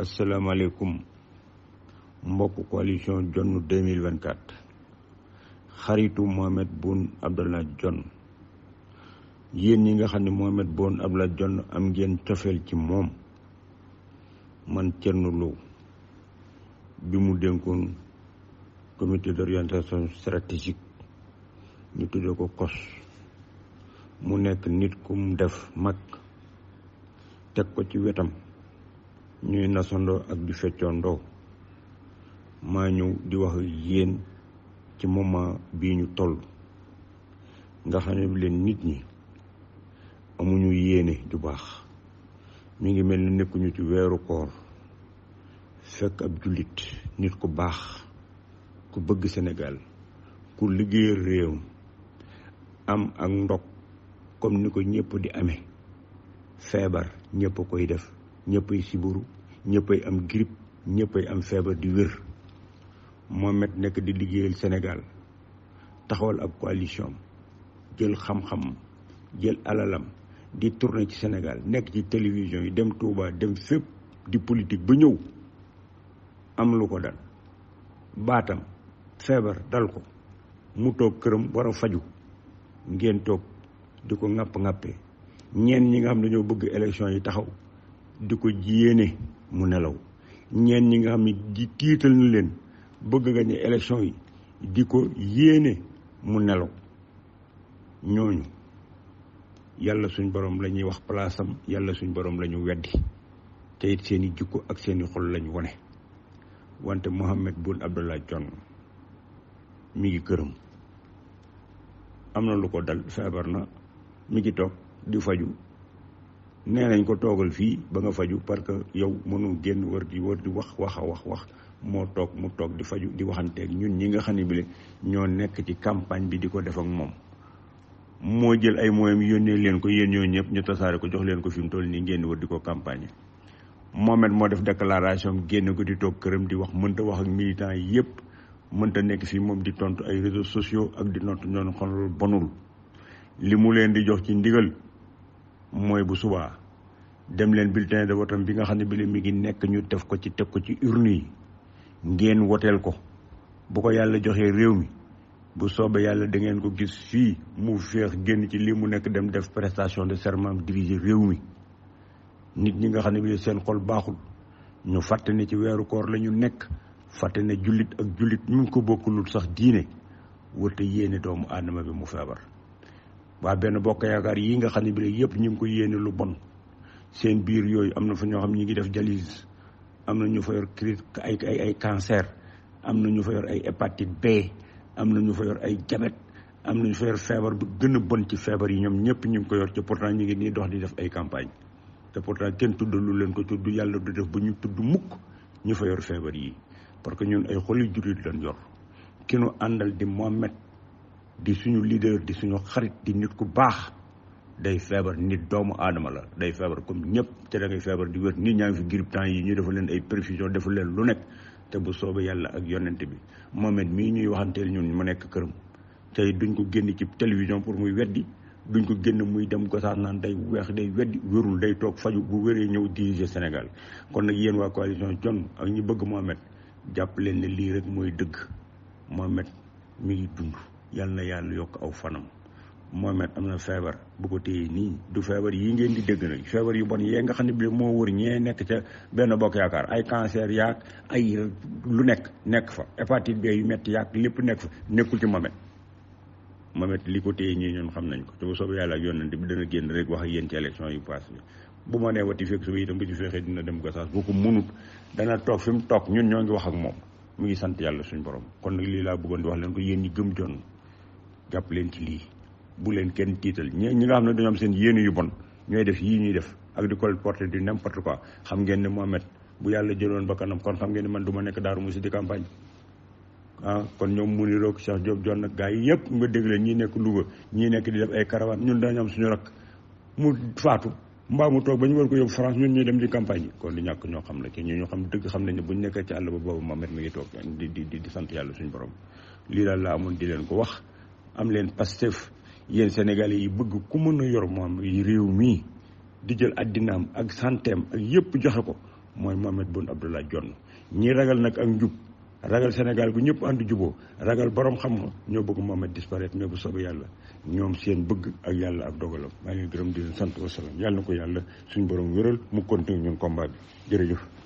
asalaamaaleykum mbokk coalition jonn 2024 xaritu Mohamed Boun Abdallah Dionne yéen ñi nga xam ne Mohamed Boun Abdallah Dionne am ngeen cofeel ci moom man Thierno Lo bi mu dénkoon comité d'orientation stratégique ñu tuddee ko COS mu nekk nit ku mu def mag teg ko ci wetam ñuy nasandoo ak di feccoondoo maa ñëw di wax yéen ci moment bii ñu toll nga xam ne leen nit ñi amuñu yéene ju baax mi ngi mel ni nekkuñu ci weeru koor fekk ab jullit nit ku baax ku bëgg senegal ku liggéeyal réew am ak ndog comme ni ko ñëpp di amee feebar ñëpp koy def ñëppay sibiru ñëppay am grippe ñëppay am feebar di wér Mohamed nekk di liggéeyal Sénégal taxawal ab coalition jël xam-xam jël alalam di tourner ci Sénégal nekk ci télévision yi dem Touba dem fépp di politique ba ñëw am lu ko dal baatam feebar dal ko mu toog këram wara faju ngeen toog di ko ŋapp ŋàppee ñeen ñi nga xam ne bëgg élection yi taxaw di ko yéene mu nelaw ñeen ñi nga xam ne di tiital na leen bëgg nga ne élection yi di ko yéene mu nelaw ñooñu yàlla suñ boroom lañuy wax palaasam yàlla suñ borom la ñu weddi te it seeni i jikko ak seeni xol lañu wone wante Mohammed Boun Abdallah Dionne mi ngi këram am na lu ko dal feebar na mi ngi toog di faju nee nañ ko toogal fii ba nga faju parce que yow mënu génn war di wër di wax wax a wax wax moo toog mu toog di faju di waxanteeg ñun ñi nga xam ne bile ñoo nekk ci campagne bi di ko def moom. moo jël ay moyens yónnee leen ko yéen ñoo ñëpp ñu tasaare ko jox leen ko fi mu toll ni génn war di ko campagne moomet moo def declaration génne ko di toog këram di wax mënta wax ak militants yëpp mënta nekk fii moom di tontu ay réseaux sociaux ak di nott ñoon xonal bonul li mu leen di jox ci ndigal. mooy bu subaa dem leen bulletin de vote bi nga xam ne bi mi ngi nekk ñu def ko ci teg ko ci urne yi ngeen woteel ko bu ko yàlla joxee réew mi bu soobee yàlla da ngeen ko gis fii mu féex génn ci lii mu nekk dem def prestation de serment diriger réew mi nit ñi nga xam ne bi seen xol baaxul ñu fàtte ne ci weeru koor la ñu nekk fàtte ne jullit ak jullit ñu ngi ko bokkulul sax diine wërte yéene doomu aadama bi mu feebar waa benn bokk yaakaar yi nga xam ne bi léegi yëpp ñu ngi ko yéene lu bon seen biir yooyu am na fa ñoo xam ñu ngi def jalise am na ñu fa yor crise ay ay ay cancer am na ñu fa yor ay hépatite B am na ñu fa ay diabète am na ñu feebar bu gën bon ci feebar yi ñoom ñëpp ñu ngi ko yor te pourtant ñu ngi nii dox di def ay campagne te pourtant kenn tuddalu leen ko tudd yàlla du def bu ñu tudd mukk ñu fa yor feebar yi parce que ñun ay xoli jullit lañ yor ki nu àndal di Mohamed di suñu lideer di suñu xarit di nit ku baax day feebar nit doomu aadama la day feebar comme ñëpp te da feebar di wér nit ñaa ngi fi grippe temps yi ñu defal leen ay perfusion defu leen lu nekk te bu soobee yàlla ak yonent bi Mohamed mii ñuy waxanteel ñu mu nekk këram tey duñ ko génn ci télévision pour muy weddi duñ ko génn muy dem gosaar naan day weex day weddi wérul day toog faju bu wéree ñëw diriger Sénégal kon nag yéen waa coalition Dionne ak ñi bëgg Mohamed jàpp leen ne lii rek mooy dëgg Mohamed mi ngi dund yàlla na yàlla yokk aw fanam Mohamed am na feebar bu ko téye nii du feebar yi ngeen di dégg nag feebar yu bon yee nga xam ne bii moo wër ñee nekk ca benn bokk yaakaar ay cancer yaag ay euh, lu nekk nekk fa hépatite B yu métti yaak lépp nekk fa nekkul ci Mohamed Mohamed li ko téye ñii ñun xam nañ ko te bu soobee wax ak yéen ci élection yu pass bi bu dina dem ko munut dana toog fi mu toog ñun ñoo ngi wax ak moom mu ngi sant yàlla suñu borom kon nag lii laa bëggoon di wax leen ko yéen ñi gëm jonn jàpp leen ci lii bu leen kenn tiital ñi nga xam ne dañoo am seen yéene yu bon ñooy def yii ñuy def ak di colporter ko xam ngeen ne Mohamed bu yàlla jëloon ba kon xam ngeen ne man du ma nekk Daaru Musi di campagne ah kon ñoom mu ni roog Cheikh Diop jon nag gars yi yëpp nga dégg leen ñii nekk ñu war ko li ñàkk ñoo xam la ci ñu ñoo xam dëgg xam nañ ne buñ nekkee ci àll ba boobu Mohamed mi ngi toog di di di sant yàlla suñu borom lii daal laa amoon di leen ko wax am leen pastef yéen sénégalais yi bëgg ku mën a yor moom réew mii di jël addinaam ak santeem ak yëpp joxe ko mooy Mohamed Boun Abdallah Dionne ñii ragal nag ak njub ragal Sénégal gu ñëpp ànd juboo ragal borom xam nga ñoo bëgg Mohamed disparaître mais bu soobee yàlla ñoom seen bëgg ak yàlla ak dogalam maa ngi gërëm di sant wasalaam yàlla na ko yàlla suñ borom wéral mu continué ñun combat bi jërëjëf.